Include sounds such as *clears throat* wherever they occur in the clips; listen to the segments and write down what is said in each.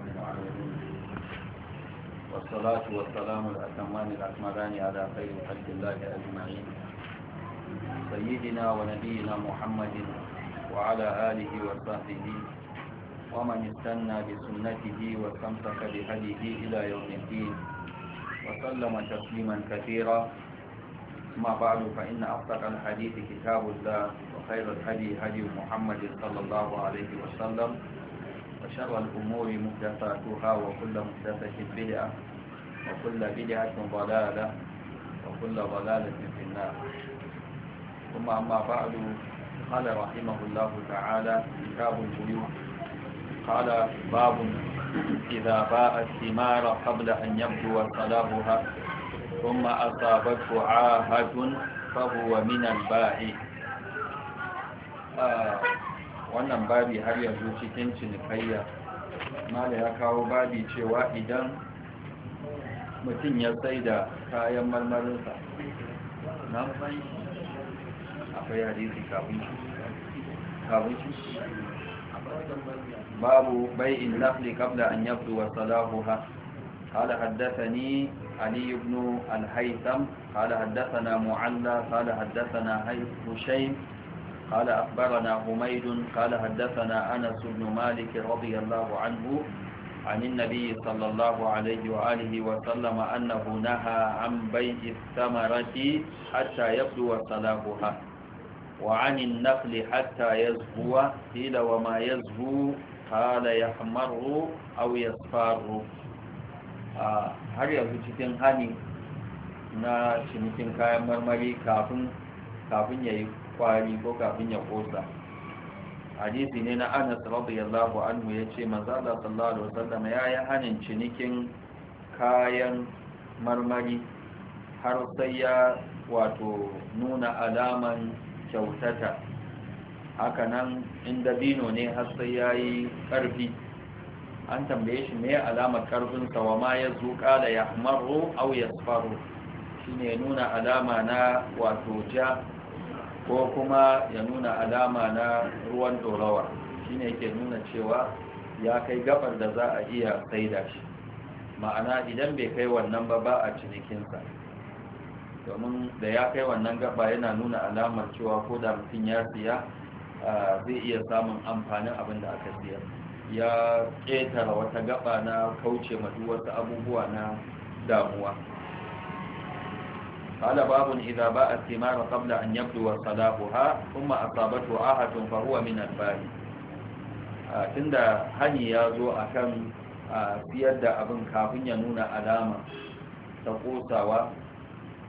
والصلاة والسلام الأتمان الأكملان على خير خلق الله أجمعين سيدنا ونبينا محمد وعلى آله وصحبه ومن استنى بسنته واستمسك بهديه إلى يوم الدين وسلم تسليما كثيرا ما بعد فإن أصدق الحديث كتاب الله وخير الهدي هدي محمد صلى الله عليه وسلم وشر الأمور محدثاتها وكل محدثة بدعة وكل بدعة ضلالة وكل ضلالة في النار ثم أما بعد قال رحمه الله تعالى كتاب البيوت قال باب إذا باء الثمار قبل أن يبدو صلاحها ثم أصابته عاهة فهو من البائع آه wannan babi har yanzu cikin cinikayya mala ya kawo babi cewa idan mutum ya sai da kayan marmarinsa na mai akwai hadisi kafin shi babu bai'in nafli kabla an yabdu wa salahuha قال حدثني علي بن الهيثم قال حدثنا معلى قال حدثنا هشيم قال أخبرنا حميد قال حدثنا أنس بن مالك رضي الله عنه عن النبي صلى الله عليه وآله وسلم أنه نهى عن بيع الثمرة حتى يبدو صلاحها وعن النخل حتى يزهو قيل وما يزهو قال يحمر أو يصفار har yanzu cikin hani na cinikin kayan marmari kafin ya yi kwari ko kafin ya kosa hadisi ne na anas radiyallahu anhu ya ce Allah sallallahu alaihi wasallam ya yi hanin cinikin kayan marmari har sai ya wato nuna alaman kyautata haka nan inda Dino ne har sai ya yi ƙarfi an tambaye shi mai alamar ƙarfinsa wa ma ya zo da ya maro au ya shine nuna alama na wato ja ko kuma ya nuna alama na ruwan dorawa shine yake nuna cewa ya kai gabar da za a iya saida shi ma'ana idan bai kai wannan ba ba a cinikinsa domin da ya kai wannan gaba yana nuna alamar cewa ko da mutum ya siya zai iya samun amfanin abin da aka siya ya ƙetara wata gaba na kauce ma duk wasu abubuwa na damuwa قال باب إذا باء الثمار قبل أن يبدو صلاحها ثم aha آهة فهو من الباري tunda hani ya zo a kan siyar da abin kafin ya nuna alama ta kosawa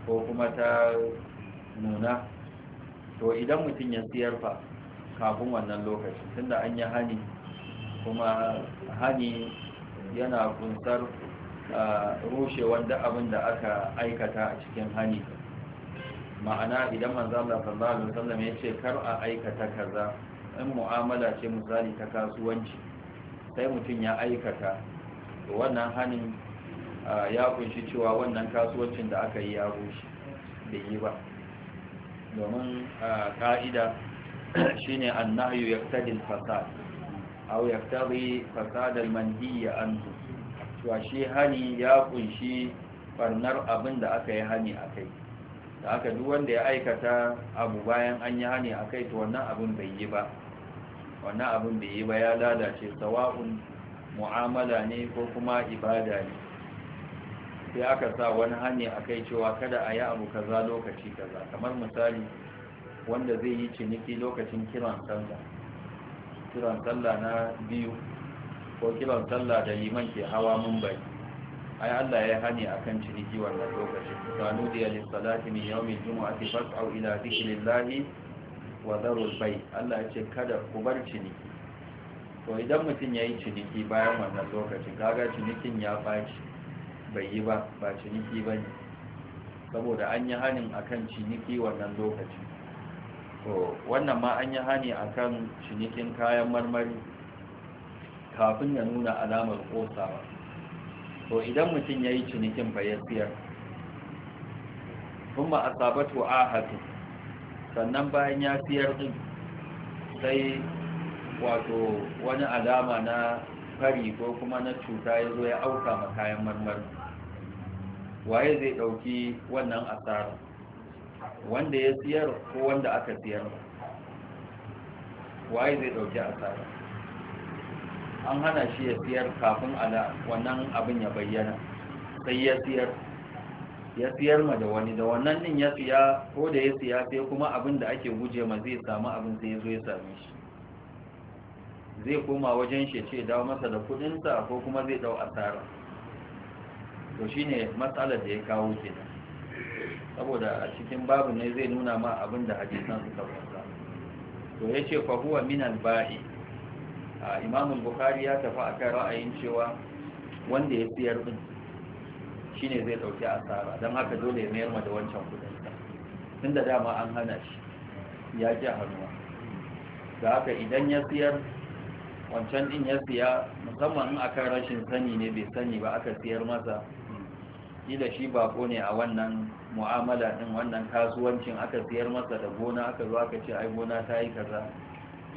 ko kuma ta nuna to idan mutum ya siyar fa kafin wannan lokacin tunda an yi hani kuma hani yana kunsar Rushe da abin da aka aikata a cikin hani ma'ana idan manzala sallallahu alaihi wasallam ya ce kar a aikata kaza in mu'amala ce misali ta kasuwanci sai mutum ya aikata to wannan hanin ya kunshi cewa wannan kasuwancin da aka yi ya rushe bai yi ba domin ka'ida *clears throat* shine annahyu yaqtadi al-fasad aw yaqtadi fasad al mandiyya anhu cewa shi hani ya kunshi farnar abin da aka yi hani a kai da aka duk wanda ya aikata abu bayan an yi hani a kai to wannan abin bai yi ba wannan abin bai yi ba ya lalace sawa'un mu'amala ne ko kuma ibada ne sai aka sa wani hani a kai cewa kada a yi abu kaza lokaci kaza kamar misali wanda zai yi ciniki lokacin kiran sallah kiran sallah na biyu ko kiran sallah da liman ke hawa mun bai ai Allah ya hani akan ciniki wannan lokacin kanu diya lil salati min yawmil fi fas'au ila zikrillahi wa dharul bay Allah ya ce kada ku bar ciniki to idan mutum yayi ciniki bayan wannan lokacin kaga cinikin ya baci bai yi ba ba ciniki bane saboda an yi hanin akan ciniki wannan lokacin to wannan ma an yi hani akan cinikin kayan marmari kafin ya nuna alamar kosawa to idan mutum ya yi cinikin sun kuma a sabatu hatu sannan bayan ya siyar din sai wato wani alama na fari ko kuma na cuta ya zo ya auka ma kayan marmari waye zai ɗauki wannan asara wanda ya siyar ko wanda aka siyar waye zai ɗauki asara an hana shi ya siyar kafin ala wannan abin ya bayyana sai ya siyar ya siyar ma da wani da wannan din ya siya ko da ya siya sai kuma abin da ake guje ma zai samu abin sai ya zo ya same shi zai koma wajen shi ce dawo masa da kudinsa ko kuma zai dau asara to shine matsalar da ya kawo kenan saboda a cikin babu ne zai nuna ma abin da hadisan suka faɗa to yace fa huwa min al-ba'i imam Imamin bukhari ya tafi a kan ra'ayin cewa wanda ya siyar din shine zai dauki asara dan haka dole ya mayar ma da wancan kudin sa tunda dama an hana shi ya ji hannuwa da haka idan ya siyar wancan din ya siya musamman in akan rashin sani ne bai sani ba aka siyar masa kila shi bako ne a wannan mu'amala din wannan kasuwancin aka siyar masa da gona aka zo aka ce ai gona ta yi kaza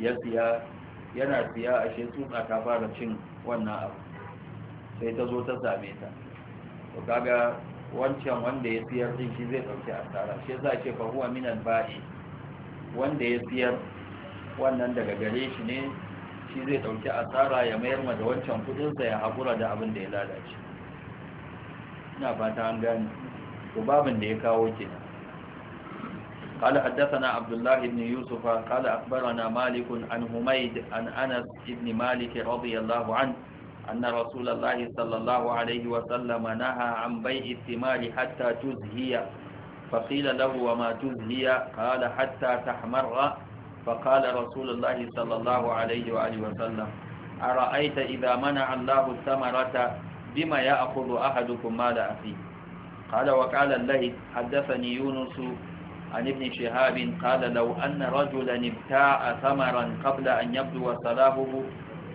ya siya yana siya ashe tsutsa ta fara cin wannan abu sai ta zo ta same ta to kaga wancan wanda ya siyar din shi zai dauki asara shi yasa ce fa huwa minan al wanda ya siyar wannan daga gare shi ne shi zai dauki asara ya mayar ma da wancan kudin sa ya hakura da abin da ya lalace ina fata an gane to babin da ya kawo kenan قال حدثنا عبد الله بن يوسف قال أخبرنا مالك عن هميد عن أنس بن مالك رضي الله عنه أن رسول الله صلى الله عليه وسلم نهى عن بيع الثمار حتى تزهي فقيل له وما تزهي قال حتى تحمر فقال رسول الله صلى الله عليه وآله وسلم أرأيت إذا منع الله الثمرة بما يأخذ أحدكم مال أخيه قال وقال الليث حدثني يونس عن ابن شهاب قال لو أن رجلا ابتاع ثمرا قبل أن يبدو صلاحه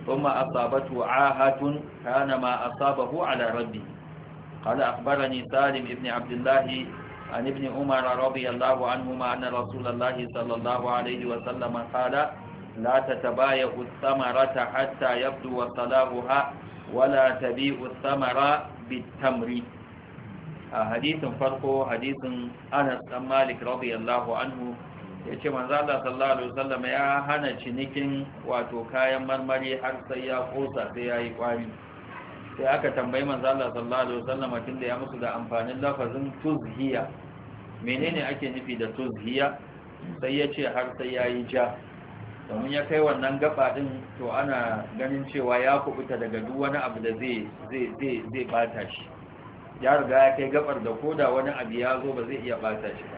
ثم أصابته عاهة كان ما أصابه على ربه قال أخبرني سالم ابن عبد الله عن ابن عمر رضي الله عنهما أن رسول الله صلى الله عليه وسلم قال لا تتبايع الثمرة حتى يبدو صلاحها ولا تبيع الثمرة بالتمر a hadisin farko hadisin Anas dan Malik radiyallahu anhu yace manzo Allah sallallahu alaihi wasallam ya hana cinikin wato kayan marmari har sai ya kosa sai ya yi kwari sai aka tambayi manzo Allah sallallahu alaihi wasallam tunda ya musu da amfanin lafazin tuzhiya menene ake nufi da tuzhiya sai yace har sai ya yi ja domin ya kai wannan gaba din to ana ganin cewa ya kubuta daga duk wani abu da zai zai zai bata shi ya riga ya kai gabar da koda wani abu ya zo ba zai iya bata shi ba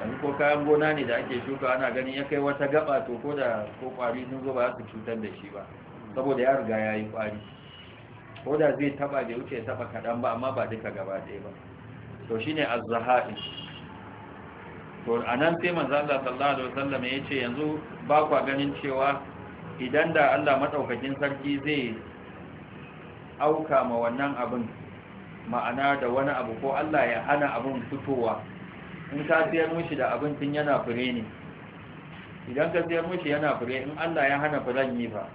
yanzu ko kayan gona ne da ake shuka ana ganin ya kai wata gaba to ko da ko kwari sun zo ba su cutar da shi ba saboda ya riga ya yi kwari ko da zai taba da wuce taba kaɗan ba amma ba duka gaba ɗaya ba to shi az-zaha'in to a nan sai manzo Allah sallallahu alaihi wasallam ya ce yanzu ba kwa ganin cewa idan da Allah madaukakin sarki zai auka ma wannan abin ma'ana da wani abu ko Allah ya hana abin fitowa in ka siyar mushi da abin yana fure ne idan ka siyar mushi yana fure in Allah ya hana furen yi ba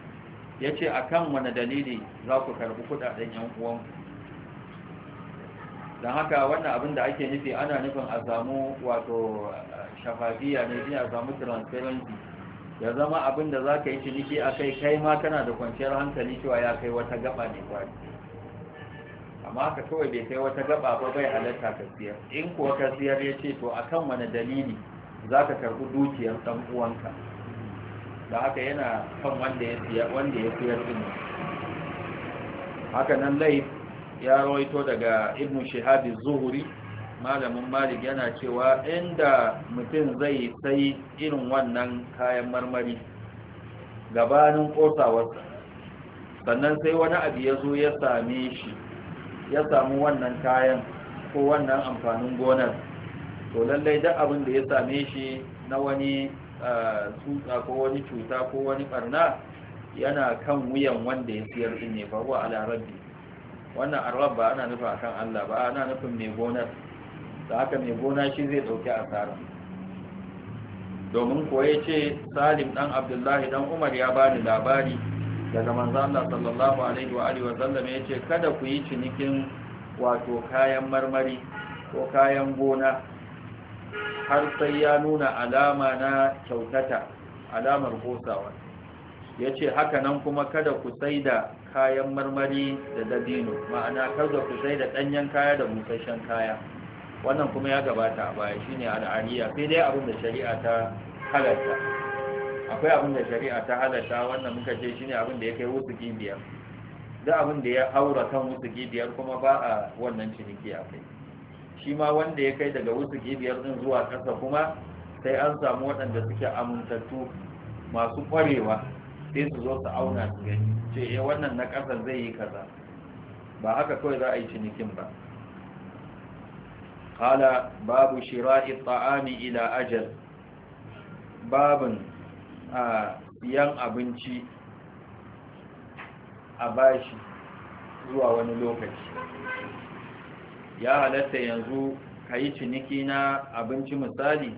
ya ce a kan wani dalili za ku karɓi kuɗaɗen yan uwanku don haka wannan abin da ake nufi ana nufin a samu wato eh, shafafiya ne shi a samu transparency ya zama abin da za ka yi ciniki a kai kai ma kana da kwanciyar hankali cewa ya kai wata gaba ne kwari amma haka kawai bai kai wata gaba ba bai halatta ka siyar in kuwa ka siyar ya ce to akan wani dalili za ka karɓi dukiyar ɗan uwanka da haka yana kan wanda ya siyar wanda ya siyar din haka nan lai ya rawaito daga ibn shihab zuhuri malamin malik yana cewa inda mutum zai sai irin wannan kayan marmari gabanin kosawarsa sannan sai wani abu ya zo ya same shi ya samu wannan kayan ko wannan amfanin gonar to lallai duk abin da ya same shi na wani eh, tsutsa ko wani cuta ko wani barna yana kan wuyan wanda ya siyar din ne faruwa ala wannan arab ba ana nufa akan Allah ba ana nufin mai gonar da haka mai gona shi zai dauki asara domin koyace ce salim dan abdullahi dan umar ya bani labari daga manzo Allah sallallahu alaihi wa alihi wa yace kada ku yi cinikin wato kayan marmari ko kayan gona har sai ya nuna alama na kyautata alamar gosawa yace haka nan kuma kada ku saida kayan marmari da dabino ma'ana kada ku saida danyen kaya da busasshen kaya wannan kuma ya gabata a baya shine al'ariya sai dai abin da shari'a ta halatta akwai abin da shari'a ta halatta wannan muka ce shine abin da ya kai wasu biyar da abin da ya haura kan wasu biyar kuma ba a wannan ciniki a kai shi ma wanda ya kai daga wasu biyar din zuwa ƙasa kuma sai an samu waɗanda suke amintattu masu ƙwarewa sai su zo su auna su gani ce eh wannan na ƙasan zai yi kaza ba haka kawai za a yi cinikin ba قال باب شراء الطعام إلى أجل باب a siyan abinci a bashi zuwa wani lokaci ya halatta yanzu ka yi ciniki na abinci misali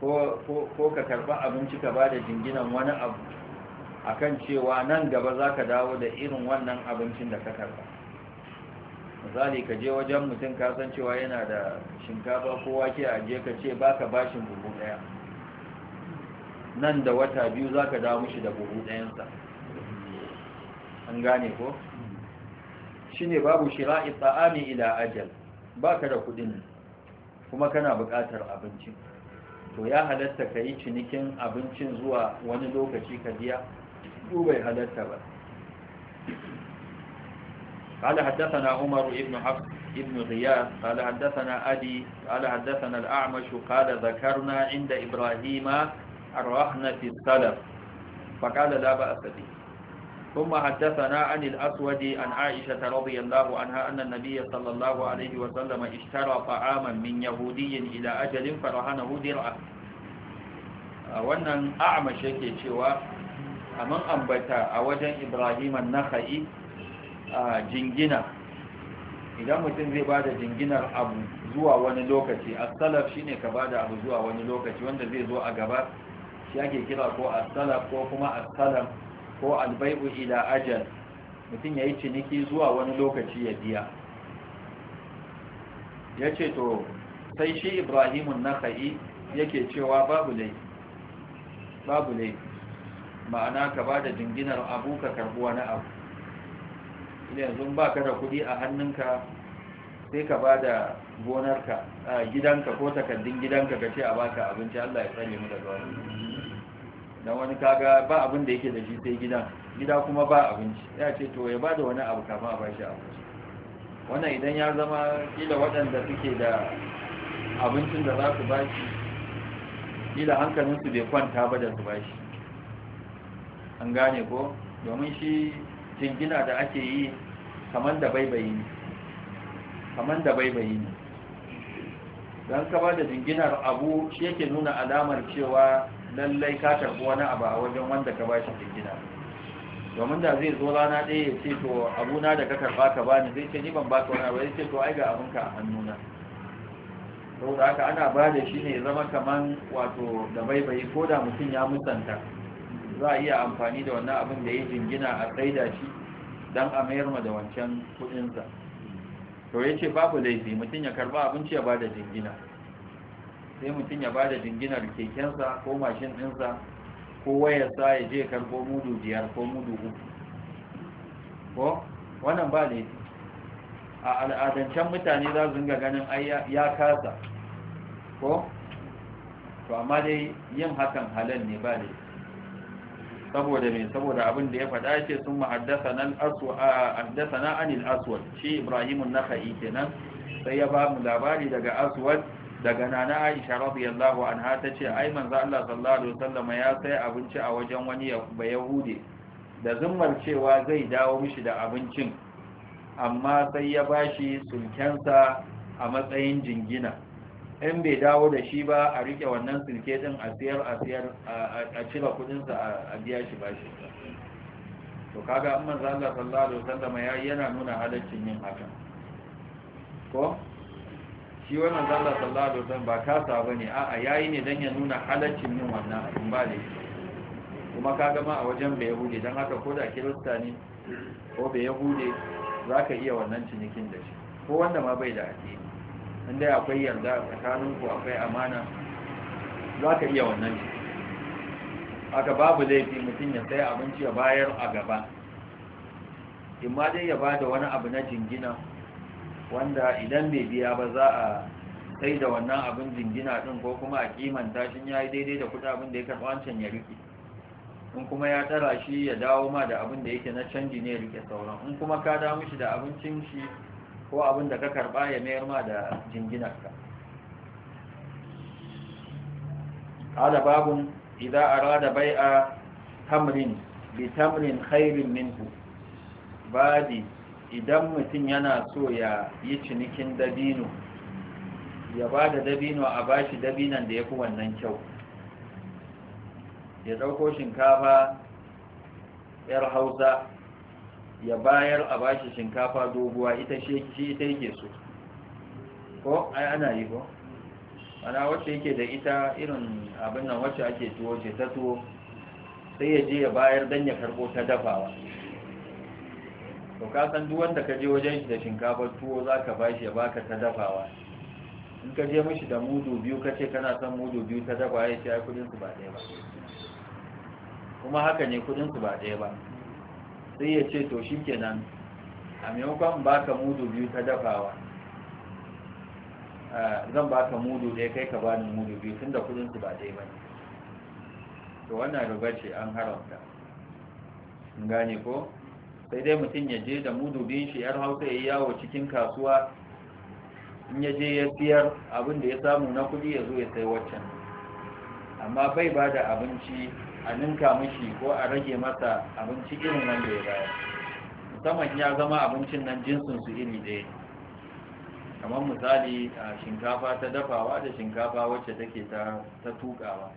ko ka karba abinci ka ba da jinginan wani abu akan cewa nan gaba za ka dawo da irin wannan abincin da ka karba misali ka je wajen mutum kasancewa yana da shinkafa ko wake a je ka ce ba ka bashin buhu ɗaya nan da wata biyu za ka dawo shi da buhu ɗayansa an gane ko shi ne babu shira'i tsa'ami ila ajal ba ka da kudin kuma kana buƙatar abincin to ya halatta ka yi cinikin abincin zuwa wani lokaci ka biya bai halatta ba قال حدثنا عمر بن حفص بن غياث قال حدثنا أبي قال حدثنا الأعمش قال ذكرنا عند إبراهيم arwahna fi salaf faqala la ba'sa bi thumma hadathana 'an al-aswad an 'aisha radhiyallahu anha anna an-nabiyya sallallahu alayhi wa sallam ishtara ta'aman min yahudiyyin ila ajalin farahana hudira wannan a'ma shake cewa amma ambata a wajen ibrahim an-nakhai jingina idan mutum zai ba da jinginar abu zuwa wani lokaci a salaf shine ka ba da abu zuwa wani lokaci wanda zai zo a gaba shi ake kira ko asala ko kuma as ko albaibu ila ajal mutum ya yi ciniki zuwa wani lokaci ya biya ya ce to sai shi Ibrahimun ka'i yake cewa babu laifi babu ma'ana ka ba da jinginar abu ka karbuwa na abu yanzu ba ka da kudi a hannunka sai ka ba da gonarka gidanka ko takardun gidanka ka ce a baka abinci Allah ya tsare mu da wani dan wani kaga ba abin da yake da shi sai gida gida kuma ba abinci ya ce to ya bada wani abu kafin a bashi abinci wannan idan ya zama kila waɗanda suke da abincin da za su bashi kila hankalinsu bai kwanta ba da su bashi an gane ko domin shi jingina da ake yi kamar da baibayi ne kamar da baibayi ne don ka ba da jinginar abu shi yake nuna alamar cewa lallai ka karbi wani abu a wajen wanda ka bashi jingina domin da zai zo rana ɗaya ya ce to abuna da ka karba ka bani zai ce ni ban baka wani abu ya ce to ai ga abinka a hannuna saboda haka ana ba da shi ne zama kaman wato da baibayi ko da mutum ya musanta za a iya amfani da wannan abin da ya jingina a tsaida shi don a mayar ma da wancan kuɗinsa. to ya ce babu laifi mutum ya karba abinci ya ba da jingina sai mutum ya ba da jinginar kekensa ko mashin ɗinsa ko wayarsa ya je karɓo mudu biyar ko mudu uku ko wannan ba ne a al'adancan mutane za su ga ganin ya kasa ko to amma dai yin hakan halal ne ba ne saboda me saboda abin da ya faɗa ce sun haddasa na anil aswad shi ibrahimun naka'i kenan sai ya ba mu labari daga aswad daga nana Aisha radiyallahu anha tace ai manzo Allah sallallahu alaihi wasallam ya sai abinci a wajen wani yahudi da zummar cewa zai dawo mishi da abincin amma sai ya bashi sulkensa a matsayin jingina in bai dawo da shi ba a rike wannan sulke din a siyar a siyar a cire kudinsa a biya shi bashi to kaga amma manzo Allah sallallahu alaihi wasallam ya yana nuna halaccin yin haka ko shi wannan manzo Allah sallallahu alaihi wasallam ba kasa bane ya yayi ne dan ya nuna halaccin yin wannan abin ba ne kuma ka gama a wajen bai hude dan haka ko da kirista ne ko bai yahude zaka iya wannan cinikin da shi ko wanda ma bai da addini inda akwai yarda tsakanin ku akwai amana zaka iya wannan haka babu laifi mutum ya sai abinci ya bayar a gaba ma dai ya bada wani abu na jingina wanda idan bai biya ba za a sai da wannan abin jingina din ko kuma a kimanta shi ya yi daidai da kuɗa abin da ya karɓi wancan ya rike in kuma ya tara shi ya dawo ma da abin da yake na canji ne ya rike sauran in kuma ka dawo mishi da abincin shi ko abin da ka karɓa ya mayar ma da ka ala babun idza arada bai'a tamrin bi tamrin khairin minhu badi idan mutum yana so ya yi cinikin dabino ya ba da dabino a ba shi dabinan da ya fi wannan kyau ya ɗauko shinkafa yar hausa ya bayar a ba shi shinkafa doguwa ita shi ita yake so ko ai ana yi ko ana wacce yake da ita irin abin nan wacce ake tuwo ce ta tuwo sai ya je ya bayar don ya karɓo ta dafawa to ka san duk wanda ka je wajen shi da shinkafar tuwo za ka ba shi ya baka ta dafawa in ka je mishi da mudu biyu ka ce kana son mudu biyu ta dafa ya ce ai kudin su ba ɗaya ba kuma haka ne kudin su ba ɗaya ba sai ya ce to shi kenan a maimakon baka mudu biyu ta dafawa zan baka mudu ɗaya kai ka bani mudu biyu da kudin su ba ɗaya ba to wannan rubar ce an haramta gane ko sai dai mutum ya je da mudubin shi yar hausa ya yi yawo cikin kasuwa in ya je ya siyar abin da ya samu na kudi ya zo ya sai waccan amma bai ba da abinci a ninka mishi ko a rage masa abinci irin wanda ya bayar musamman ya zama abincin nan jinsin su iri ɗaya kamar misali a shinkafa ta dafawa da shinkafa wacce take ta tukawa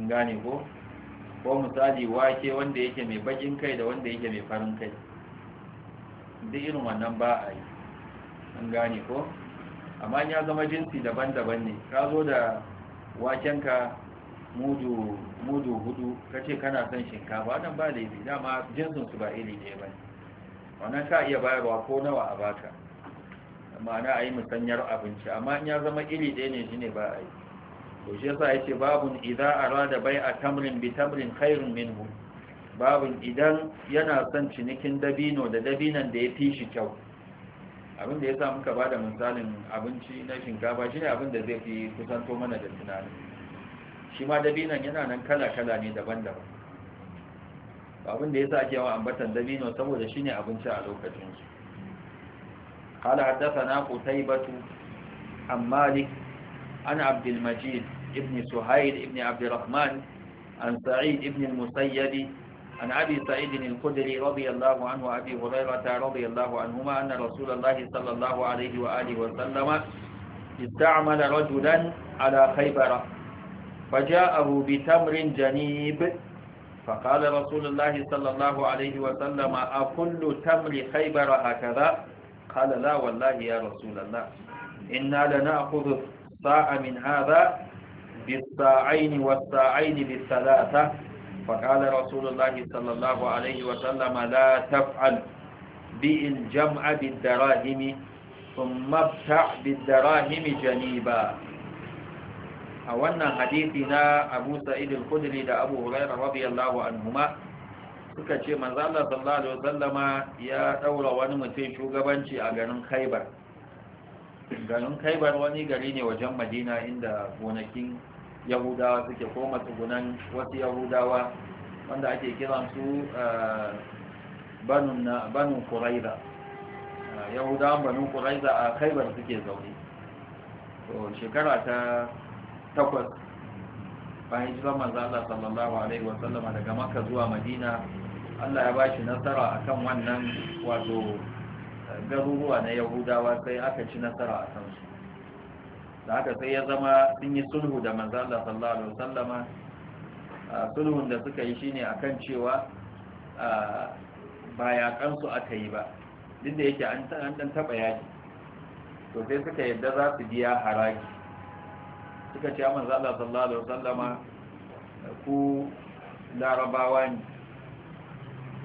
in gane ko ko misali wake wanda yake mai bakin kai da wanda yake mai farin kai duk irin wannan ba a yi an gane ko amma ya zama jinsi daban-daban ne ka zo da wakenka mudu mudu hudu ka ce kana son shinkafa wannan ba laifi dama jinsinsu ba iri ne ba wannan ka iya bayarwa ko nawa a baka ma'ana a yi musanyar abinci amma ya zama iri ɗaya ne shi ne ba a yi to shi yasa yace babun idza arada bai'a tamrin bi tamrin khairun minhu babun idan yana son cinikin dabino da dabinan da ya fi shi kyau abin da yasa muka bada misalin abinci na shinkafa shine abin da zai fi kusanto mana da tunani shi ma dabinan yana nan kala-kala ne daban-daban abin da yasa ake yawan ambatan dabino saboda shine abinci a lokacin su قال حدثنا قتيبة عن مالك عن عبد المجيد ابن سهيل ابن عبد الرحمن عن سعيد ابن المسيب عن أبي سعيد الخدري رضي الله عنه وأبي هريرة رضي الله عنهما أن رسول الله صلى الله عليه وآله وسلم استعمل رجلا على خيبر فجاءه بتمر جنيب فقال رسول الله صلى الله عليه وسلم أكل تمر خيبر هكذا قال لا والله يا رسول الله إنا لنأخذه sa'a min hadha بالساعين والساعين بالثلاثة فقال رسول الله صلى الله عليه وسلم لا تفعل بئ بالدراهم ثم ابتع بالدراهم جنيبا a wannan hadisi na abu sa'id al-khudri da abu suka ce manzo sallallahu alaihi wasallama ya daura wani mutum shugabanci a garin Khaibar garin kaibar wani gari ne wajen madina inda gonakin yahudawa suke ko matsugunan wasu yahudawa wanda ake kiran su eh, banu kuraiza eh, yahudawan banu kuraiza a kaibar suke zaune shekara ta takwas bayan jiran maza Allah sallallahu alaihi wasallama daga maka zuwa Madina Allah ya bashi nasara a kan wannan wato garuruwa na yahudawa sai aka ci nasara a kansu da haka sai ya zama sun yi sulhu da Manzallar sallallahu alaihi wasallama sulhun da suka yi shine akan cewa ba ya kansu aka yi ba duk da yake an dan taba yaki to sai suka yadda za su biya haraji suka ce Manzallar sallallahu alaihi wasallama ku larabawa ne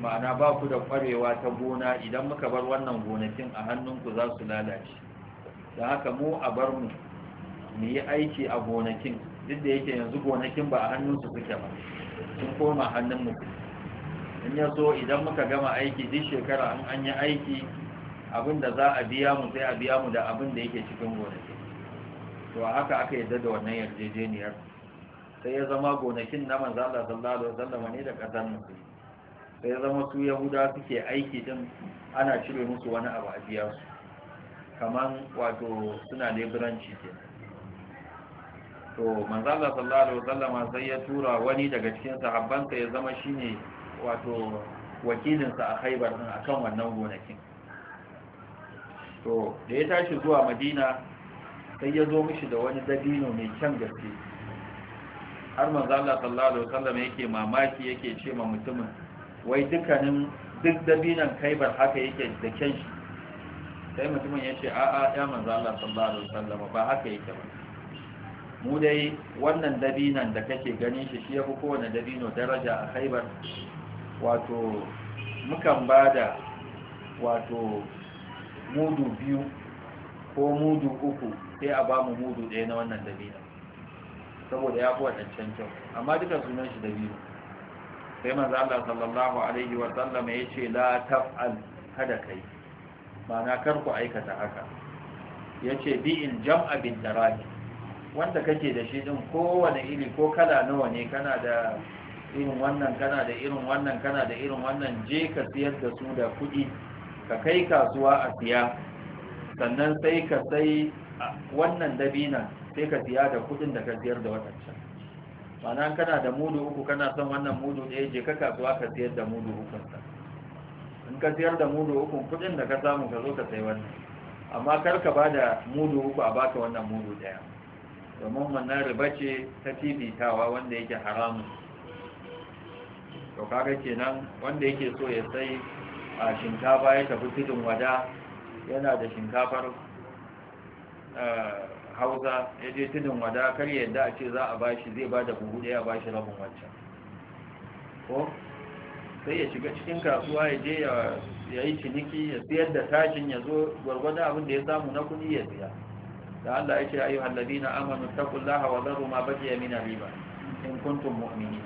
ma'ana ba ku da kwarewa ta gona idan muka bar wannan gonakin a hannunku za su lalace da haka mu a bar mu mu yi aiki a gonakin duk da yake yanzu gonakin ba a hannunsu suke ba sun koma hannun mu in ya so idan muka gama aiki duk shekara an an yi aiki abin da za a biya mu sai a biya mu da abin da yake cikin gonakin to a haka aka yadda da wannan yarjejeniyar sai ya zama gonakin na manzala sallallahu alaihi wasallam ne da kasar musulmi sai zama su yahuda suke aiki din ana cire musu wani abu a biya su kamar wato suna leburanci ke to manzala sallallahu alaihi sai ya tura wani daga cikin sahabbanka ya zama shine wato wakilinsa a haibar din akan wannan gonakin to da ya tashi zuwa madina sai ya zo mishi da wani dabino mai kyan gaske har manzala sallallahu alaihi yake mamaki yake ce ma mutumin wai dukkanin duk dabinan kaibar haka yake da kyan shi sai mutumin ya ce a'a ya manzo Allah sallallahu alaihi wasallam ba haka yake ba mu dai wannan dabinan da kake ganin shi shi ya fi kowane dabino daraja a kaibar wato mukan bada wato mudu biyu ko mudu uku sai a ba mu mudu ɗaya na wannan dabino saboda ya fi waɗancan kyau amma duka sunan shi dabino sai manzo Allah sallallahu alaihi wa sallam ya ce la taf'al kada kai ma'ana kar ku aikata haka yace bi in jam'a bin daraki wanda kake da shi din kowane iri ko kala nawa ne kana da irin wannan kana da irin wannan kana da irin wannan je ka siyar da su da kuɗi ka kai kasuwa a siya sannan sai ka sai wannan dabina sai ka siya da kuɗin da ka siyar da wadancan mana kana da mudu uku kana son wannan mudu ɗaya je ka kasuwa ka siyar da mudu ukunsa in ka siyar da mudu uku kudin da ka samu ka zo ka sai wannan amma kar ka ba da mudu uku a baka wannan mudu ɗaya domin wannan riba ce ta fifitawa wanda yake haramun to kaga kenan wanda yake so ya sai a shinkafa ya tafi tudun wada yana da shinkafar eh, hausa ya je tudun wada kar yadda a ce za a bashi zai ba da buhu daya bashi rabin wancan ko sai ya shiga cikin kasuwa ya je ya yi ciniki ya siyar da tashin ya zo gwargwadon abin da ya samu na kuɗi ya siya da Allah ya ce ayu na amanu taqullaha wa dharu ma ya mina riba in kuntum mu'mini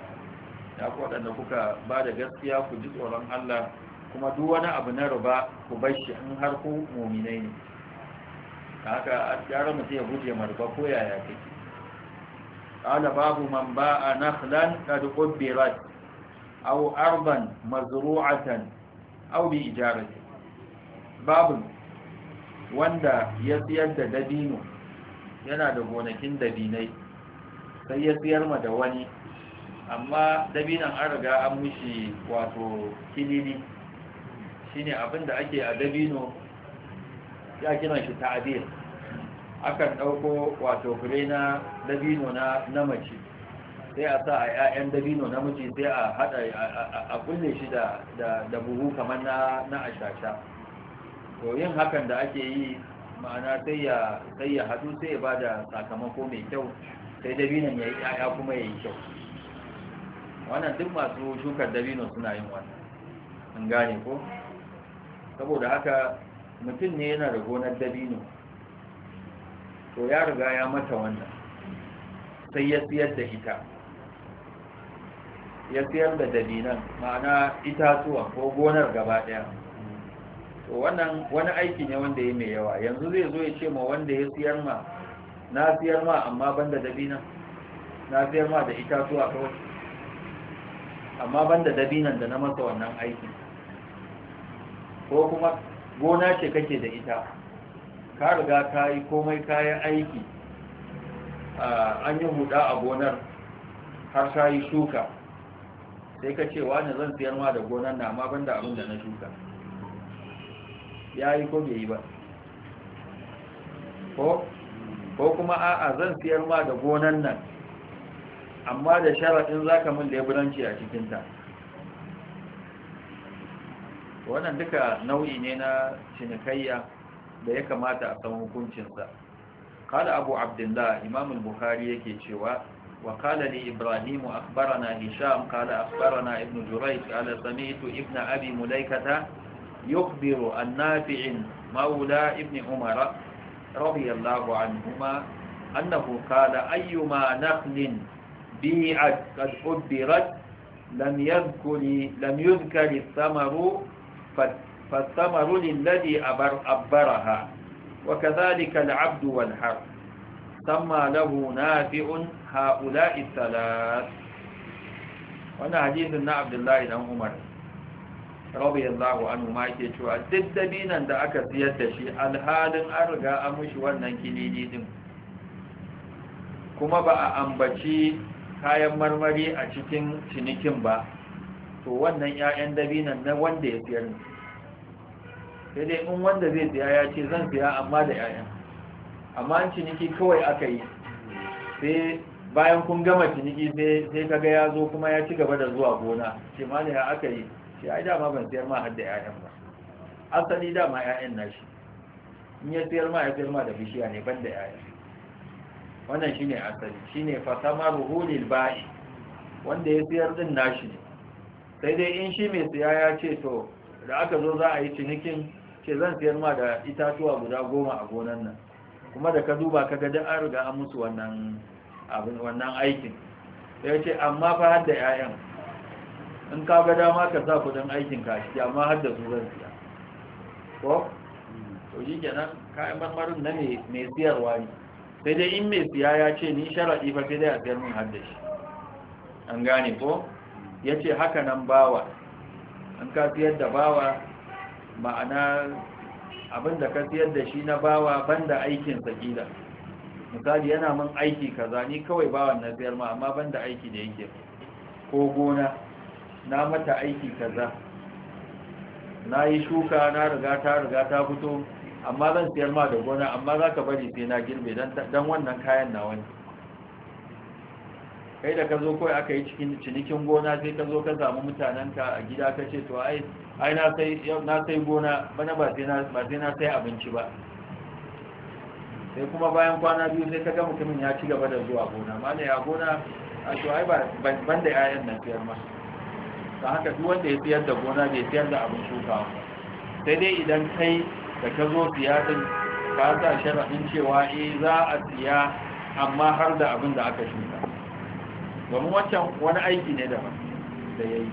ya ku wadanda kuka ba da gaskiya ku ji tsoron Allah kuma duk wani abu na ruba ku bar shi in har ku mu'minai ne haka gara mutu ya guje marba ko yaya kake qala babu man ba'a nakhlan qad qubbirat aw arban mazru'atan aw bi ijarati babu wanda ya siyar da dabino yana da gonakin dabinai sai ya siyar ma da wani amma dabinan an riga an mushi wato kilili shine abinda ake a dabino ya kiran shi ta'adil akan ɗauko wato fure na dabino na namaci sai a sa a 'ya'yan dabino namiji sai a haɗa a kulle shi da buhu kamar na ashasha to yin hakan da ake yi ma'ana sai ya sai ya haɗu sai ya ba da sakamako mai kyau sai dabinon ya yi 'ya'ya kuma ya yi kyau wannan duk masu shukar dabino suna yin wannan an gane ko saboda haka mutum ne yana da gonar dabino to ya riga ya mata wannan sai ya siyar da ita ya siyar da dabinan ma'ana itatuwa ko gonar gaba daya to wannan wani aiki ne wanda ya mai yawa yanzu zai zo ya ce ma wanda ya siyar ma na siyar ma amma ban da dabinan na siyar ma da itatuwa kawai amma ban da dabinan da na masa wannan aikin ko kuma gona ce kake da ita ka riga ka yi komai kayan aiki an yi huda a gonar har ka yi shuka sai ka ce wani zan siyar ma da gonar na ma banda abin da na shuka ya yi ko bai yi ba ko kuma a'a zan siyar ma da gonar nan amma da sharaɗin za ka min buranci a cikinta wannan duka nau'i ne na cinikayya da ya kamata a san hukuncinsa kala abu abdullah imam al-bukhari yake cewa wa kala ni ibrahim akhbarana hisham kala akhbarana ibnu jurayj kala sami'tu ibnu abi mulaikata yukhbiru an-nafi' mawla ibnu umara radiyallahu anhuma annahu kala ayyuma nakhlin bi'at qad udirat lam yadhkuri lam yudhkari thamaru فالثمر للذي أبرها وكذلك العبد والحر سمى له نافع هؤلاء الثلاث وانا حديث ابن عبد الله بن عمر رضي الله عنه ما yake cewa duk dabinan da aka siyar da shi alhalin an riga an mushi wannan kilili din kuma ba a ambaci kayan marmari a cikin cinikin ba to wannan 'ya'yan dabinan na wanda ya siyar ne sai dai in wanda zai siya ya ce zan siya amma da 'ya'yan amma an ciniki kawai aka yi sai bayan kun gama ciniki sai kaga ya zo kuma ya ci gaba da zuwa gona ce ma ya aka yi shi ai dama ban siyar ma har da 'ya'yan ba asali dama 'ya'yan nashi in ya siyar ma ya siyar ma da bishiya ne ban da 'ya'yan wannan shine asali shine fasamaru hulil ba'i wanda ya siyar din nashi ne sai dai in shi mai siya ya ce to da aka zo za a yi cinikin ce zan siyar ma da itatuwa guda goma a gonan nan kuma da ka duba ka ga an riga an musu wannan wannan aikin sai ya ce amma fa hadda 'ya'yan in ka ga dama ka sa kudin aikin ka shi amma hadda su zan siya ko to shi kenan kayan marmarin na mai siyarwa ne sai dai in mai siya ya ce ni sharaɗi fa sai dai a siyar min hadda shi an gane ko ya ce haka nan bawa an ka siyar da bawa ma'ana abinda ka siyar da shi na bawa banda aikin sakila misali yana min aiki kaza ni kawai bawan na siyar ma amma banda aiki da yake ko gona na mata aiki kaza na yi shuka na riga ta riga ta fito amma zan siyar ma da gona amma za ka bari sai na girbe don wannan kayan na wani kai da ka zo kawai aka yi cikin cinikin gona sai ka zo ka samu mutanenka a gida ka ce to ai ai na sai gona bana ba sai na sai abinci ba sai kuma bayan kwana biyu sai ka ga mutumin ya ci gaba da zuwa gona mana ya gona a to ai ban da 'ya'yan nan siyar ma ta haka duk wanda ya siyar da gona bai siyar da abin shukawa sai dai idan kai da ka zo siya din ka sa sharaɗin cewa eh za a siya amma har da abin da aka shuka domin wancan wani aiki ne da da ya yi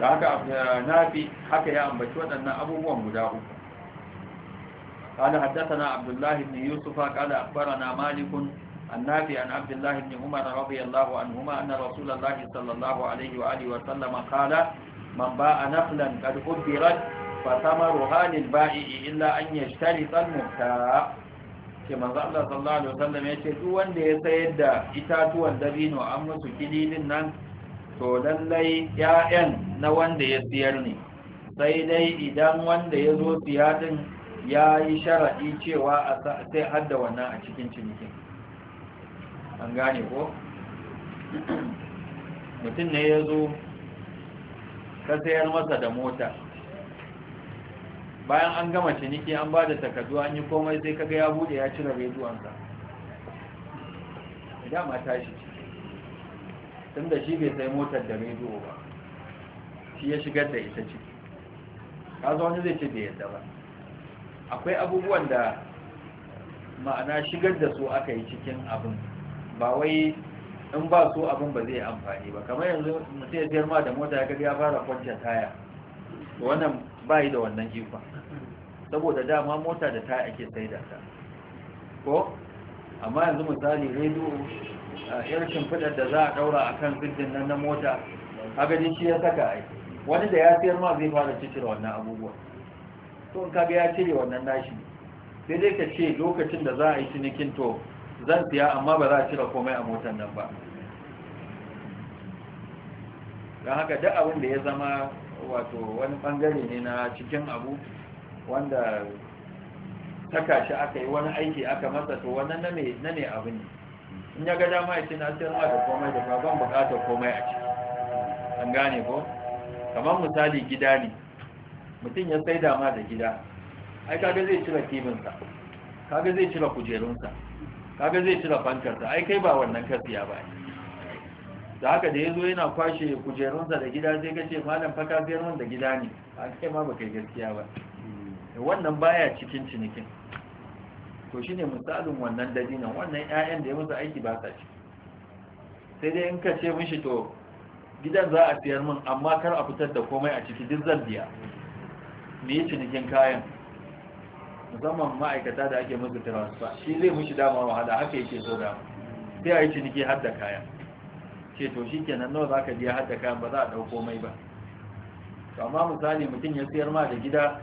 da haka nafi haka ya ambaci waɗannan abubuwan guda uku قال حدثنا عبد الله بن يوسف قال أخبرنا مالك النافي عن عبد الله بن عمر رضي الله عنهما أن رسول الله صلى الله عليه وآله وسلم قال من باع نخلا قد قدرت فثمرها للبائع إلا أن يشترط المبتاع ce manzo Allah sallallahu alaihi wasallam ya ce duk wanda ya sayar da itatuwan dabino an musu kididin nan to lallai ƴaƴan na wanda ya siyar ne sai dai idan wanda ya zo siya din ya yi sharaɗi cewa a sai hadda wannan a cikin cinikin an gane ko mutum ne ya zo ka sayar masa da mota bayan an gama ciniki an ba da takardu an yi komai sai kaga ya bude ya cire rediyonsa dama tashi tun da shi bai sai motar da rediyo ba shi ya shigar da ita ce ka zo wani zai ce bai yadda ba akwai abubuwan da ma'ana shigar da su aka yi cikin abin ba wai in ba su abin ba zai yi amfani ba kamar yanzu mutum ya siyar ma da mota ya kaga ya fara kwanciyar taya wannan ba yi da wannan jifa saboda dama mota da ta ake sai da ta ko amma yanzu misali a yarkin shimfidar da za a daura a kan fiddin nan na mota agadi shi ya saka ai wani da ya siyar ma zai fara cikin wannan abubuwa to kaga ya cire wannan nashi sai dai ka ce lokacin da za a yi cinikin to zan siya amma ba za a cire komai a motar nan ba don haka duk abin da ya zama wato wani bangare ne na cikin abu wanda ta shi aka yi wani aiki aka masa to wannan na ne abu ne in ya ga dama ya ce na sayar ma da komai da ban bukatar komai a ciki an gane ko kamar misali gida ne mutum ya sai dama da gida ai kaga zai cire kibinsa kaga zai cire kujerunsa kaga zai cire fankarsa ai kai ba wannan kasiya ba ne da haka da ya zo yana kwashe kujerunsa da gida sai ka ce malam faka biyar wanda gida ne a kai ma ba kai gaskiya ba wannan baya cikin cinikin to shi ne misalin wannan dadinan wannan 'ya'yan da ya musu aiki ba sa ci sai dai in ka ce mishi to gidan za a siyar min amma kar a fitar da komai a ciki duk zan biya me yi cinikin kayan musamman ma'aikata da ake musu transfer shi zai mishi dama wahala haka yake so dama sai a yi ciniki har da kayan ce to shi kenan nawa za ka biya hadda kayan ba za a ɗauko mai ba to amma misali mutum ya siyar ma da gida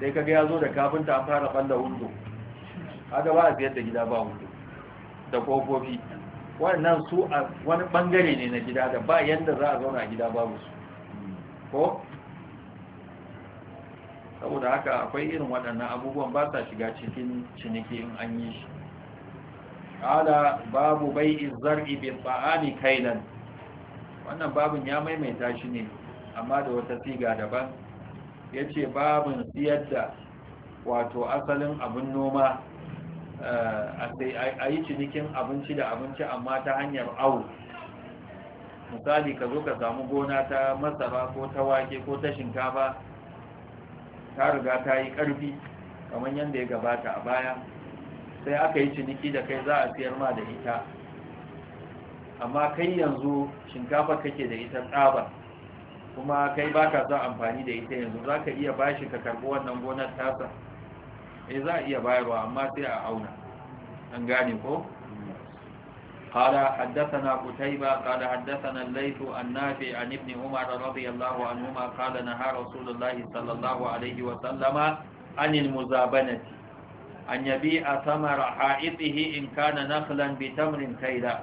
sai kaga ya zo da kafinta an fara ɓalla wundo haka ba a siyar da gida ba wundo da kokofi. wannan su a wani bangare ne na gida da ba yadda za a zauna a gida babu su ko saboda haka akwai irin waɗannan abubuwan ba sa shiga cikin ciniki in an yi shi ƙala babu bai'i zar'i bin ba'ani kailan wannan babin ya maimaita shi ne amma da wata siga daban ya ce babin siyar da wato asalin abin noma eh, a yi cinikin abinci da abinci amma ta hanyar awu misali ka zo ka samu gona ta masara ko ta wake ko ta shinkafa ta riga ta yi ƙarfi kamar yadda ya gabata a baya sai aka yi ciniki da kai za a siyar ma da ita amma kai yanzu shinkafa kake da ita tsaba kuma kai ba ka son amfani da ita yanzu za ka iya bashi ka karbi wannan gonar tasa eh za a iya bayarwa amma sai a auna an gane ko قال حدثنا قتيبة قال حدثنا الليث النافع عن ابن عمر رضي الله عنهما قال نهى رسول الله صلى الله عليه وسلم عن المزابنة أن يبيع ثمر حائطه إن كان نخلا بتمر كيلا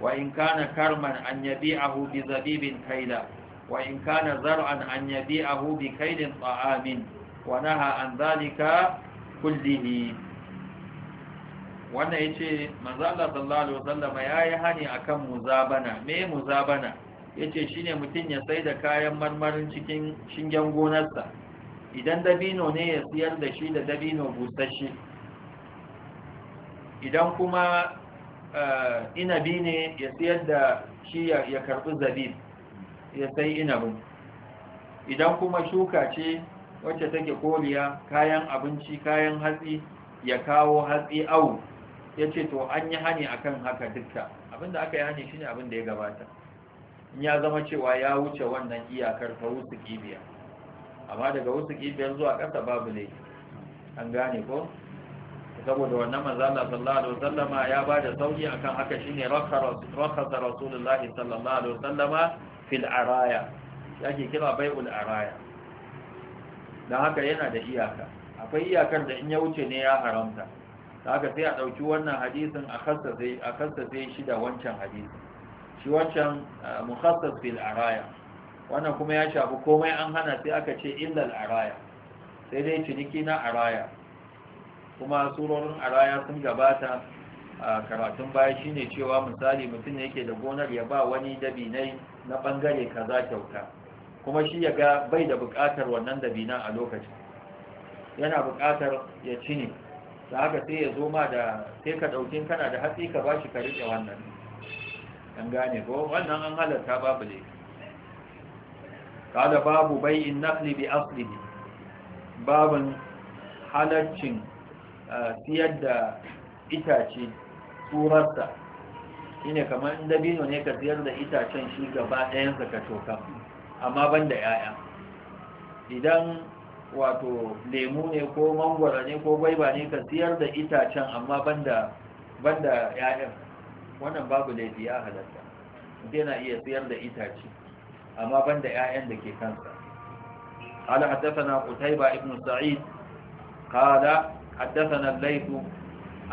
وإن كان كرما أن يبيعه بزبيب كيلا وإن كان زرعا أن يبيعه بكيل طعام ونهى عن ذلك كله wannan ya ce manzala sallallahu alaihi ya yi hani akan muzabana me muzabana ya ce shi ne mutum ya sai da kayan marmarin cikin shingen gonarsa idan dabino ne ya siyar da shi da dabino busasshe idan kuma Eh, inabi ne ya sayar da shi ya karbi zabib ya sai inabin idan kuma shuka ce wacce take koliya kayan abinci kayan hatsi ya kawo hatsi au ya ce to an yi hani akan haka dukka abinda aka yi hani shine abinda ya gabata ya zama cewa ya wuce wannan iyakar ta wusu kibiya amma daga wusu kibiyar zuwa ƙasa babu ne an gane ko saboda wannan manzala sallallahu alaihi wasallama ya ba da sauki akan haka shine rakhasa rasulullahi sallallahu alaihi wasallama fil araya yake kira bai'ul araya dan haka yana da iyaka akwai iyakar da in ya wuce ne ya haramta haka sai a dauki wannan hadisin a khassace a khassace shi da wancan hadisi shi wancan eh, mukhassas fil araya wannan kuma ya shafi komai an hana sai aka ce illal araya sai dai ciniki na araya kuma surorin araya sun gabata a karatun baya shine cewa misali mutum ne yake da gonar ya ba wani dabinai na bangare kaza kyauta kuma shi ya ga bai da bukatar wannan dabina a lokacin yana bukatar ya ci ne da haka sai ya zo ma da sai ka ɗauki kana da hatsi ka ba shi ka riƙe wannan an gane ko wannan an halarta babu ne kada babu bai in nakli bi asli babin halaccin siyar da itace shi shine kamar inda dabino ne ka siyar da itacen shi gaba ɗayansa ka toka amma ban da 'ya'ya idan wato lemu ne ko mangwara ne ko gwaiba ne ka siyar da itacen amma ban da 'ya'yan wannan babu laifi ya halatta na iya siyar da itace amma ban da 'ya'yan da ke kansa قال حدثنا قتيبة ابن سعيد قال حدثنا الليث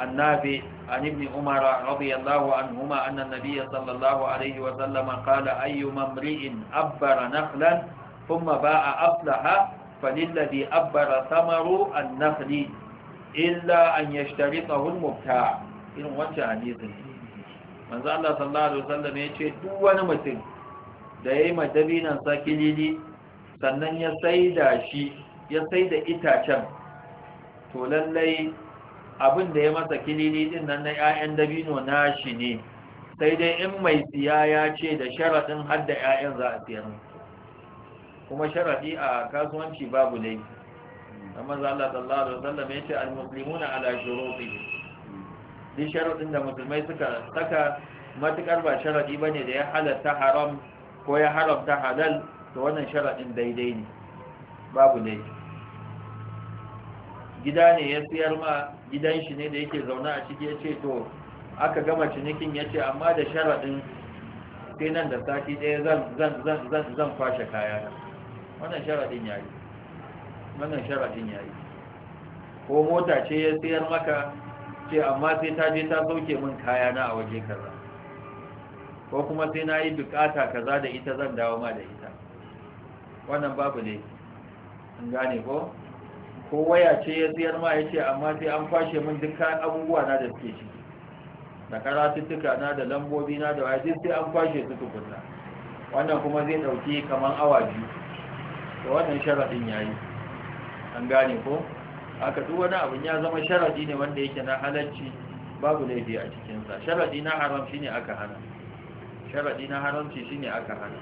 النافع عن ابن عمر رضي الله عنهما أن النبي صلى الله عليه وسلم قال أيما امرئ أبر نخلا ثم باع أصلها فللذي أبر ثمر النخل إلا أن يشترطه المبتاع إن وجه حديث من ذا الله صلى الله عليه وسلم يقول دون مثل da ya yi madabinan sakilili sannan ya sai da shi ya sai da itacen to lallai abin da ya masa kilili din nan na 'ya'yan dabino nashi ne sai dai in mai siya ya ce da sharaɗin hadda 'ya'yan za a siyar kuma sharaɗi a kasuwanci babu dai. amma za Allah sallallahu alaihi wasallam ya ce al-muslimuna ala shuruti duk sharaɗin da musulmai suka saka matukar ba sharaɗi bane da ya halatta haram ko ya haramta halal to wannan sharaɗin daidai ne babu dai. gida ne ya siyar ma gidan shi ne da yake zauna a ciki ya ce to aka gama cinikin ya ce amma da sharaɗin sai nan da sati ɗaya zan zan zan zan kwashe kaya wannan sharaɗin ya yi wannan sharaɗin ya yi ko mota ce ya siyar maka ce amma sai ta je ta sauke min kaya na a waje kaza ko kuma sai na yi bukata kaza da ita zan dawo ma da ita wannan babu ne in gane ko ko waya ce ya siyar ma ya ce amma sai an fashe min dukkan abubuwa na da suke ciki da karatuttuka na da lambobi na da waya sai an fashe su tukunna wannan kuma zai dauki kaman awa biyu to wannan sharadin yayi an gane ko aka duk wani abin ya zama sharadi ne wanda yake na halacci babu laifi a cikin sa sharadi na haram shine aka hana sharadi na haramci shine aka hana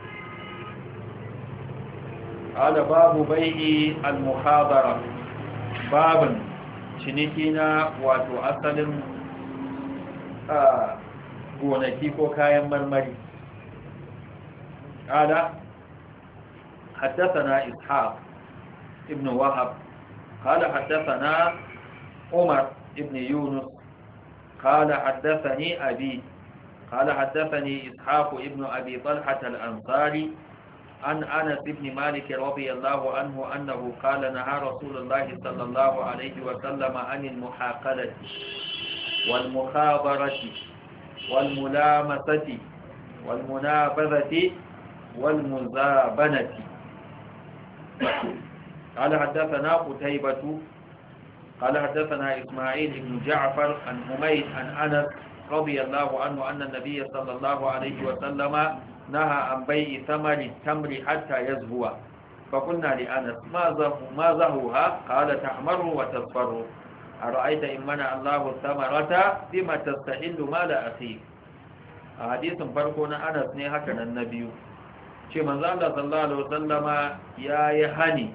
قال باب بيع المخابره babin ciniki na wato asalin gonaki ko kayan marmari ƙada haddasa ishaq ibn wahab ƙada haddasa na umar ibn yunus ƙada haddasa ne abi ƙada haddasa ne ishaq ibn abi talhatar ansari عن أنس بن مالك رضي الله عنه أنه قال نهى رسول الله صلى الله عليه وسلم عن المحاقلة والمخابرة والملامسة والمنابذة والمزابنة قال حدثنا قتيبة قال حدثنا إسماعيل بن جعفر عن حميد عن أنس رضي الله عنه أن النبي صلى الله عليه وسلم naha bai bai'i samari tamri hatta yazbuwa fa kunna li anas ma zahu ma zahuha qala tahmaru wa tasfaru ara'aita in mana Allahu samarata bima tastahillu mala akhi hadisin farko na Anas ne haka na biyu ce manzo Allah sallallahu alaihi wasallama yayi hani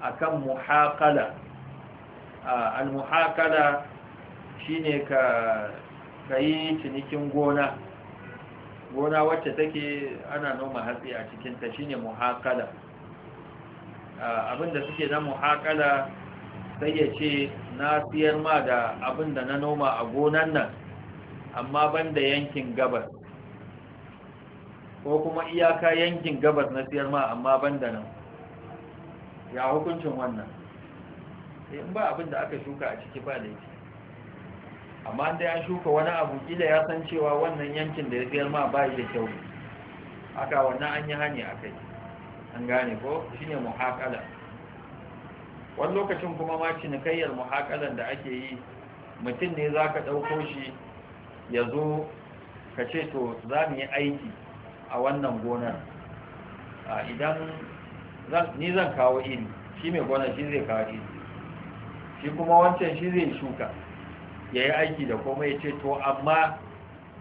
akan muhaqala al muhaqala shine ka cinikin gona gona wacce take ana noma hatsi a cikinta shine muhakala abinda suke na muhakala sai ya ce na siyar ma da abinda na noma a gonan nan amma banda yankin gabas ko kuma iyaka yankin gabas na siyar ma amma banda nan ya hukuncin wannan eh, in ba abinda aka shuka a ciki ba da yake amma da ya shuka wani abu kila ya san cewa wannan yankin da ya fiye ma ba da kyau haka wannan an yi hani a kai an gane ko shi ne muhaƙala wani lokacin kuma ma cinikayyar muhaƙalan da ake yi mutum ne za ka ɗauko shi ya zo ka ce to za mu yi aiki a wannan gonar idan ni zan kawo iri shi mai gonar shi zai kawo iri shi kuma wancan shi zai shuka ya yi aiki da kuma ya ce to amma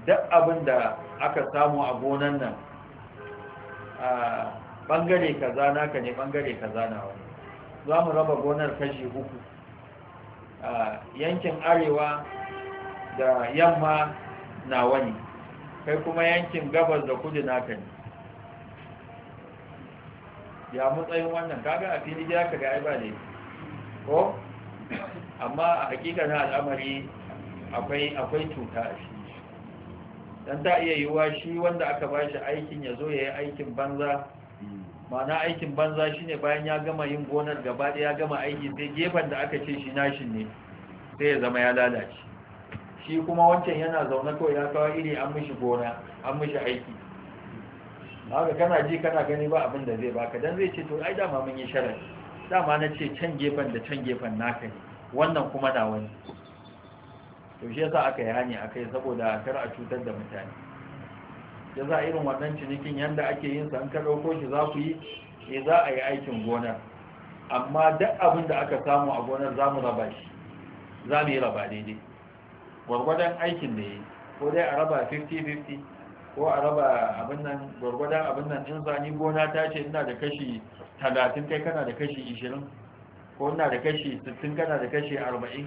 duk abin da aka samu a gonan nan a ɓangare kaza naka ne ɓangare kaza na wani za mu raba gonar kashi uku a yankin arewa da yamma na wani kai kuma yankin gabas da kudu naka ne ya matsayin wannan kaga a fili ya ka ai ba ko amma a hakika na al'amari akwai cuta a shi don ta iya yiwuwa shi wanda aka ba shi aikin ya zo ya yi aikin banza mana aikin banza shi ne bayan ya gama yin gonar gaba ya gama aiki sai gefen da aka ce shi nashin ne sai ya zama ya lalace shi kuma wancan yana zaune kawai ya kawo iri an mishi gona an mishi aiki haka kana ji kana gani ba abin da zai baka dan zai ce to ai dama mun yi sharar dama na ce can gefen da can gefen naka ne wannan kuma na wani to shi yasa aka yi hani akai saboda kar a cutar da mutane ya za irin wannan cinikin yanda ake yin sa an ka dauko shi za ku yi eh za a yi aikin gonar amma duk abin da aka samu a gonar za mu raba shi za mu yi raba daidai gwargwadon aikin da ya yi ko dai a raba 50-50 ko a raba abin nan gwargwadon abin nan in zani gona ta ce ina da kashi 30 kai kana da kashi 20 ko ina da kashi 60 kana da kashi arba'in.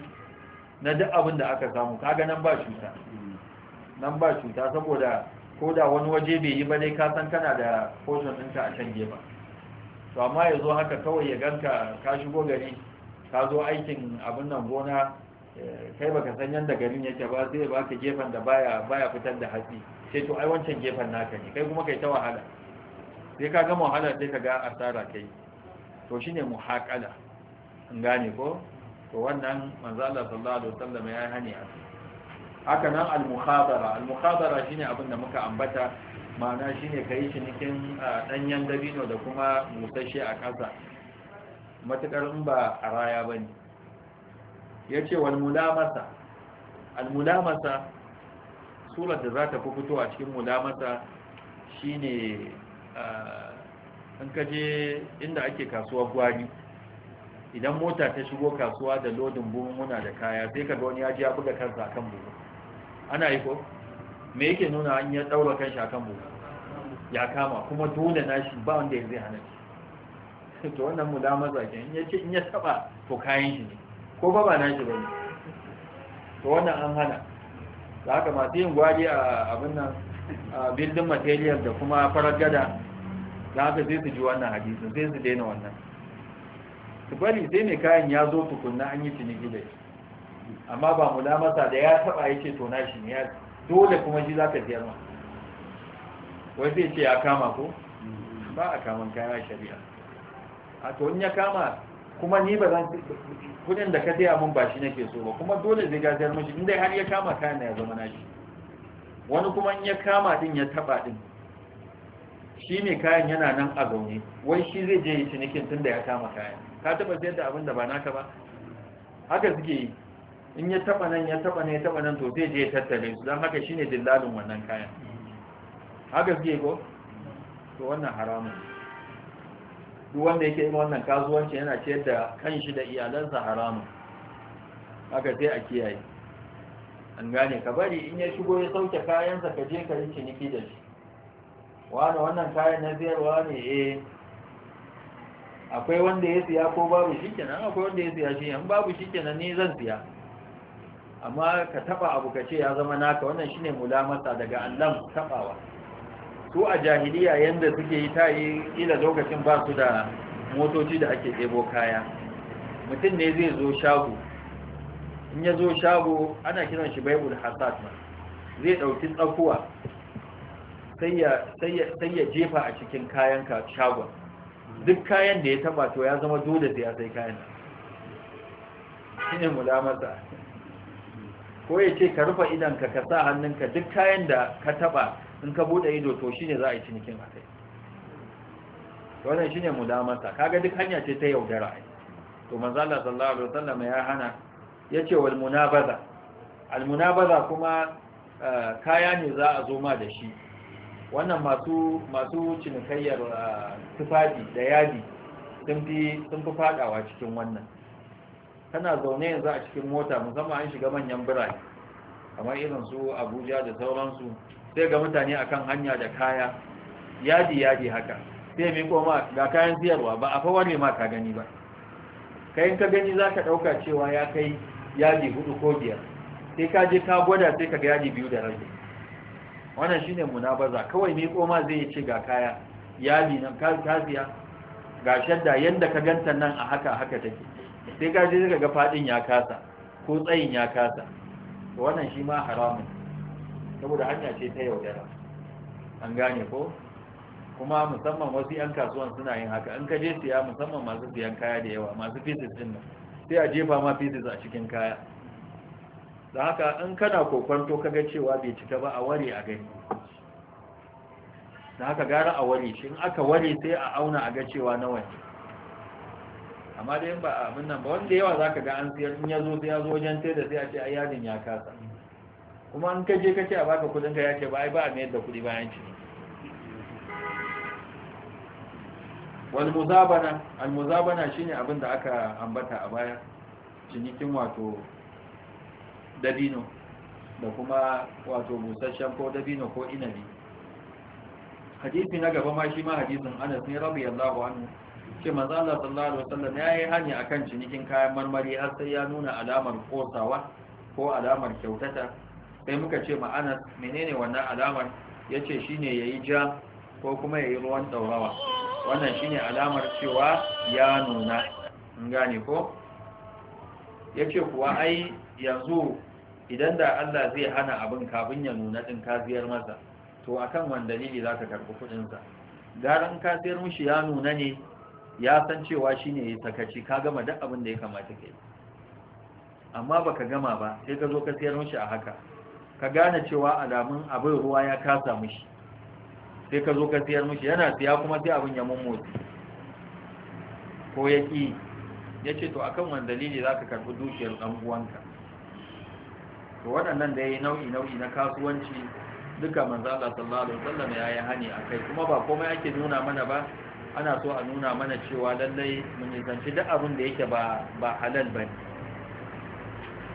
na duk abin da aka samu kaga nan ba cuta nan ba cuta saboda ko da wani waje bai yi ba dai ka san kana da portion ɗinka a can gefa to amma ya zo haka kawai ya ganka ka shigo gari ka zo aikin abin nan gona eh, kai baka san yadda garin yake ba zai baka gefen da baya baya fitar da hatsi sai to ai wancan gefen naka ne kai kuma kai ta wahala sai ka gama wahala sai ka ga asara kai to shine muhaqala an gane ko to wannan manzo Allah sallallahu alaihi wasallam ya hani a haka nan al-mukhadara al-mukhadara shine abin da muka ambata ma'ana shine kai shi nikin danyen dabino da kuma musashe a kasa matakar in ba a raya bane yace wal mulamasa al mulamasa surar da zata ta fi fito a cikin mulamasa shine in inda ake kasuwar gwari idan mota ta shigo kasuwa da lodin muna da kaya sai ka wani ya ji ya buga kansa akan buhun ana yi ko me yake nuna an ya daura kansa akan buhun ya kama kuma dole nashi ba wanda ya zai hana shi *laughs* to wannan mu da maza ke in yace in ya taba to kayan shi ne ko ba ba nashi bane to wannan an hana da haka masu yin gwari a abin nan building material da kuma farar gada da haka sai su ji wannan hadisin sai su daina wannan su bari sai mai kayan ya zo tukunna an yi ciniki da amma ba mu lamasa da ya taba ya ce tona shi ne ya dole kuma shi za ka siyar ma wai zai ce ya kama ko ba a kaman kaya shari'a a to ya kama kuma ni ba zan kudin da ka taya mun ba shi nake so ba kuma dole zai siyar mashi inda har ya kama kayan da ya zama nashi wani kuma in ya kama din ya taba din shi ne kayan yana nan a zaune wai shi zai je yi cinikin tun da ya kama kayan ka taba sayar da abin da ba naka ba haka suke yi in ya taba nan ya taba nan ya taba nan to zai je ya tattare su don haka shine dillalin wannan kayan haka suke ko to wannan haramun duk wanda yake yi wannan kasuwanci yana ciyar da shi da iyalansa haramun haka sai a kiyaye an gane ka bari in ya shigo ya sauke kayansa ka je ka yi ciniki da shi wani wannan kayan na ziyarwa ne eh akwai wanda ya siya ko babu shikenan akwai wanda ya siya shi an babu shikenan ne zan siya amma ka taba abu ka ya zama naka wannan shine mulamata daga allam tabawa su a jahiliya yanda suke yi ta yi ila lokacin ba su da motoci da ake debo kaya mutum ne zai zo shago in ya zo shago ana kiran shi baibul hasad ma zai dauki tsakuwa sai ya jefa a cikin kayan ka shagon duk kayan da ya taba to ya zama dole da ya sai kayan shine mulamarsa ko ya ce ka rufe idanka ka sa hannunka duk kayan da ka taba in ka bude ido to shine za a yi cinikin a kai wannan shine mulamarsa kaga duk hanya ce ta yaudara to manzo Allah sallallahu alaihi wasallam ya hana yace wal munabaza al munabaza kuma eh, kaya ne za a zo ma da shi wannan masu masu cinikayyar ah, tufafi da yadi sun fi sun fadawa cikin wannan kana zaune yanzu a cikin mota musamman an shiga manyan birane kamar irin su Abuja da sauransu sai ga mutane akan hanya da kaya yadi yadi haka sai mai koma ga kayan siyarwa ba a fa ma ka gani ba kayan ka gani za ka ɗauka cewa ya kai yadi hudu ko biyar sai ka je ka gwada sai ka ga yadi biyu da rabi wannan shine munabaza kawai mai koma zai ce ga kaya yali nan kafiya ga shadda yanda ka ganta nan a haka haka take sai ka je ga fadin ya kasa ko tsayin ya kasa to wannan shi ma haramun saboda hanya ce ta yaudara an gane ko kuma musamman wasu 'yan kasuwan suna yin haka in ka je siya musamman masu siyan kaya da yawa masu fitis din nan sai a jefa ma fitis a cikin kaya da haka in kana kokwanto kaga cewa bai cika ba a ware a gani da haka gara a ware shi in aka ware sai a auna a ga cewa nawa ne amma dai ba a abin nan ba wanda yawa za ka ga an siyar in ya zo sai ya zo wajen sai da sai a ce ayyadin ya kasa kuma in ka je ka ce a baka kudin ka ya ce ba ai ba a mayar da kudi bayan ci wal muzabana al muzabana shine abin da aka ambata a baya cinikin wato dabino da kuma wato busasshen ko dabino ko inabi hadisi na gaba ma shi ma hadisin anas ne radiyallahu anhu ce manzo Allah sallallahu alaihi wasallam yayi hani akan cinikin kayan marmari har sai ya nuna alamar kosawa ko alamar kyautata sai muka ce maana menene wannan alamar Ya ce shi ne ya yi ja ko kuma ya yi ruwan ɗaurawa. wannan shi ne alamar cewa ya nuna in gane ko Ya ce kuwa ai yanzu idan da Allah zai hana abin kafin ya nuna din kafiyar masa to akan wanda dalili ka karbi kudin sa garan kafiyar mushi ya nuna ne ya san cewa shine ya sakaci ka gama duk abin da ya kamata kai amma baka gama ba sai ka zo ka siyar mushi a haka ka gane cewa alamun abin ruwa ya kasa mushi. sai ka zo ka siyar mushi. yana siya kuma sai abin ya mummotsi ko ya yace ya ce to akan wani dalili za ka karɓi dukiyar ɗan uwanka to waɗannan da ya yi nau'i-nau'i na kasuwanci duka manzo Allah sallallahu alaihi wasallam ya yi hani akai kuma ba komai ake nuna mana ba ana so a nuna mana cewa lallai mun nisanci duk abin da yake ba ba halal bane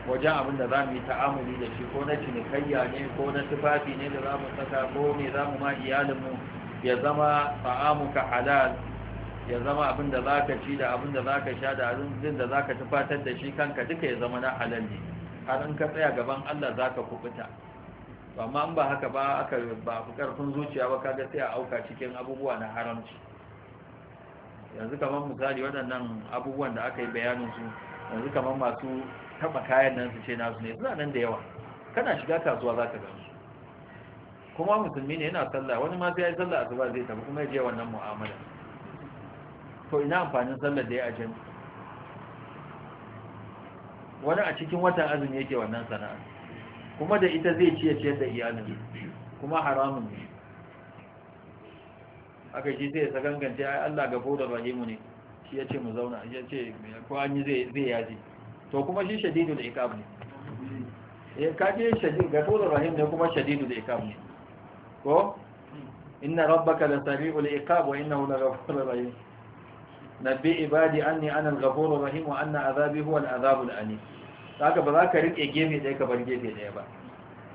wajen abin da zamu yi ta'amuli da shi ko na cinikayya ne ko na tufafi ne da zamu saka ko me zamu ma iyalinmu ya zama ta'amuka halal ya zama abin da zaka ci da abin da zaka sha da abin da zaka tufatar da shi kanka duka ya zama na halal ne har in ka tsaya gaban Allah za ka kubuta amma in ba haka ba aka ba karfin zuciya ba kaga sai a auka cikin abubuwa na haramci yanzu kamar misali waɗannan abubuwan da aka yi bayanin su yanzu kamar masu taɓa kayan nan su ce nasu ne suna nan da yawa kana shiga kasuwa za ka gani kuma musulmi ne yana sallah wani ma sai ya yi sallah asuba zai tafi kuma ya je wannan mu'amala to ina amfanin sallar da ya ajiyar wani a cikin watan azumi yake wannan sana'a kuma da ita zai ciye ciyar da iyalin kuma haramun ne aka shi sai ya gangance ai Allah gafo da rahimu ne shi ya ce mu zauna ya ce ko an yi zai yaji to kuma shi shadidu da ikab ne eh ka je shadidu gafo da rahim ne kuma shadidu da ikab ne ko inna rabbaka la sari'ul iqab wa innahu la ghafurur rahim nabi ibadi anni ana al-ghafurur rahim wa anna azabi huwa al-azabul alim saka ba za ka rike gefe ɗaya ka bar gefe ɗaya ba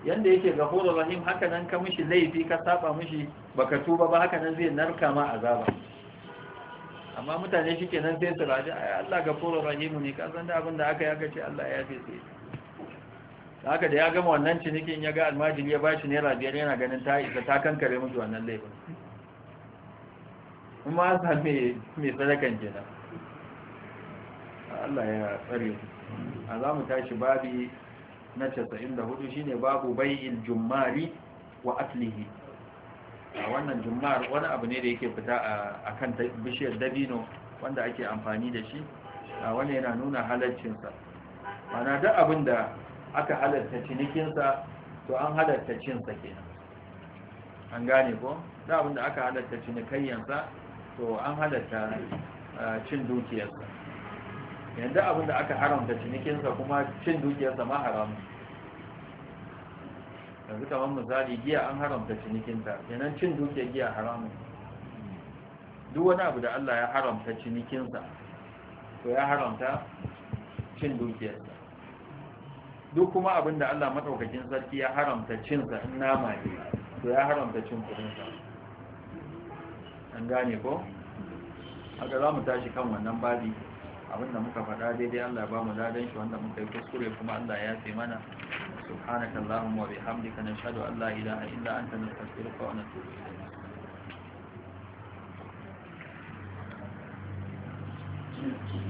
yanda yake ghafurur rahim haka nan ka mishi laifi ka saba mishi baka tuba ba haka nan zai narka ma azaba amma mutane shi kenan sai su raji ai Allah ghafurur rahim ne ka san da abin da aka yi aka ce Allah ya yafe sai haka da ya gama wannan cinikin ya ga almajiri ya bashi naira biyar yana ganin ta isa ta kankare musu wannan laifin kuma an sami mai sadakan kenan Allah ya tsare a za mu tashi babi na 94 shine babu bai'il jummari wa aslihi a wannan jummar wani abu ne da yake fita a kan bishiyar dabino wanda ake amfani da shi a wani yana nuna halarcinsa mana duk abin da aka halarta cinikinsa to an halarta cinsa kenan an gane ko da abin da aka halarta cinikayyansa to an halatta cin dukiyarsa yanzu abin da aka haramta cinikinsa kuma cin dukiyarsa ma haramu yanzu kamar misali giya an haramta cinikinta yanan cin dukiyar giya haramu duk wani abu da Allah ya haramta cinikinsa to ya haramta cin dukiyarsa duk kuma abin da Allah matsaukakin sarki ya haramta cinsa in nama ne to ya haramta cin kudinsa an gane ko haka za mu tashi kan wannan babi abinda muka faɗa daidai Allah ba mu ladan shi wanda muka yi kuskure kuma Allah ya fi mana subhanaka allahumma wa bihamdika nashhadu an la ilaha illa anta nastaghfiruka wa natubu ilayk Thank you.